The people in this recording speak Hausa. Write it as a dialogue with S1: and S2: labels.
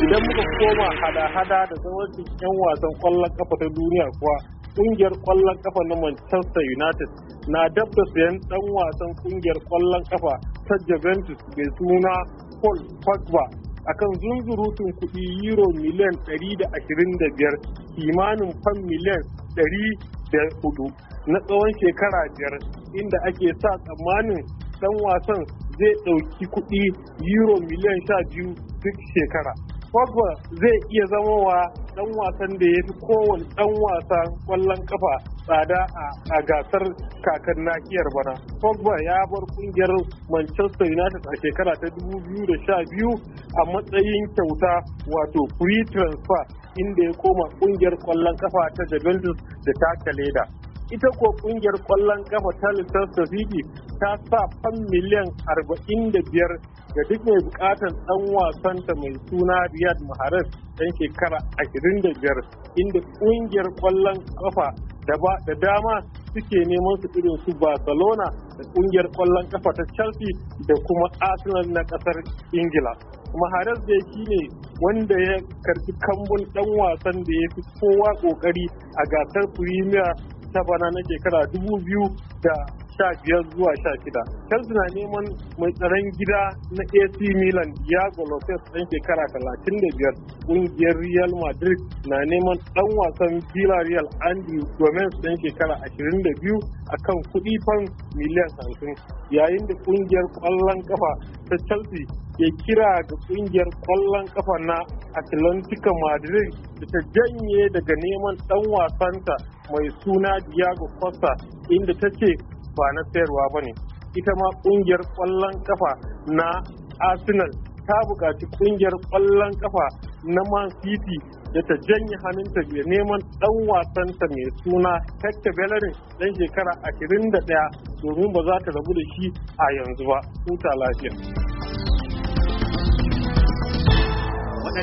S1: idan muka koma hada-hada da zawancin 'yan wasan kwallon kafa ta duniya kuwa kungiyar kwallon kafa na manchester united na dab sayan dan wasan kungiyar kwallon kafa ta juventus mai suna paul pogba a kan zunzurutun kuɗi euro miliyan 125 kimanin fan miliyan 104 na tsawon shekara biyar inda ake sa tsammanin dan wasan zai ɗauki kuɗi euro miliyan 12 duk shekara Pogba zai iya zama wa dan wasan da ya fi kowane dan wasan kwallon kafa tsada a gasar kakan nahiyar bana. Pogba ya bar kungiyar Manchester United a shekara ta 2012 a matsayin kyauta wato free transfer inda ya koma kungiyar kwallon kafa ta Juventus da taka leda. ita ko kungiyar kwallon kafa ta Leicester ta sa fan miliyan 45 ga duk mai bukatan dan wasanta mai suna Riyad Mahrez dan shekara 25 inda kungiyar kwallon kafa da dama suke neman su irin su Barcelona da kungiyar kwallon kafa ta Chelsea da kuma Arsenal na kasar Ingila. Mahrez dai shi ne wanda ya karfi kambun dan wasan da ya fi kowa kokari a gasar Premier ta bana na shekara dubu biyu da sha biyar zuwa sha shida. Chelsea na neman mai tsaron gida na AC Milan Diego Lopez ɗan shekara talatin da biyar. Ƙungiyar Real Madrid na neman ɗan wasan Villarreal Andy Gomez ɗan shekara ashirin da biyu a kan kuɗi fan miliyan hamsin. Yayin da ƙungiyar ƙwallon ƙafa ta Chelsea ya kira ga kungiyar kwallon kafa na Atlantico Madrid da ta janye daga neman dan wasanta mai suna Diego Costa inda ta ce ba na sayarwa ba ne. Ita ma kungiyar kwallon kafa na Arsenal ta buƙaci kungiyar kwallon kafa na Man City da ta janye hannunta ga neman dan wasanta mai suna Hector Bellerin dan shekara 21 domin ba za ta rabu da shi a yanzu ba. Huta lafiya.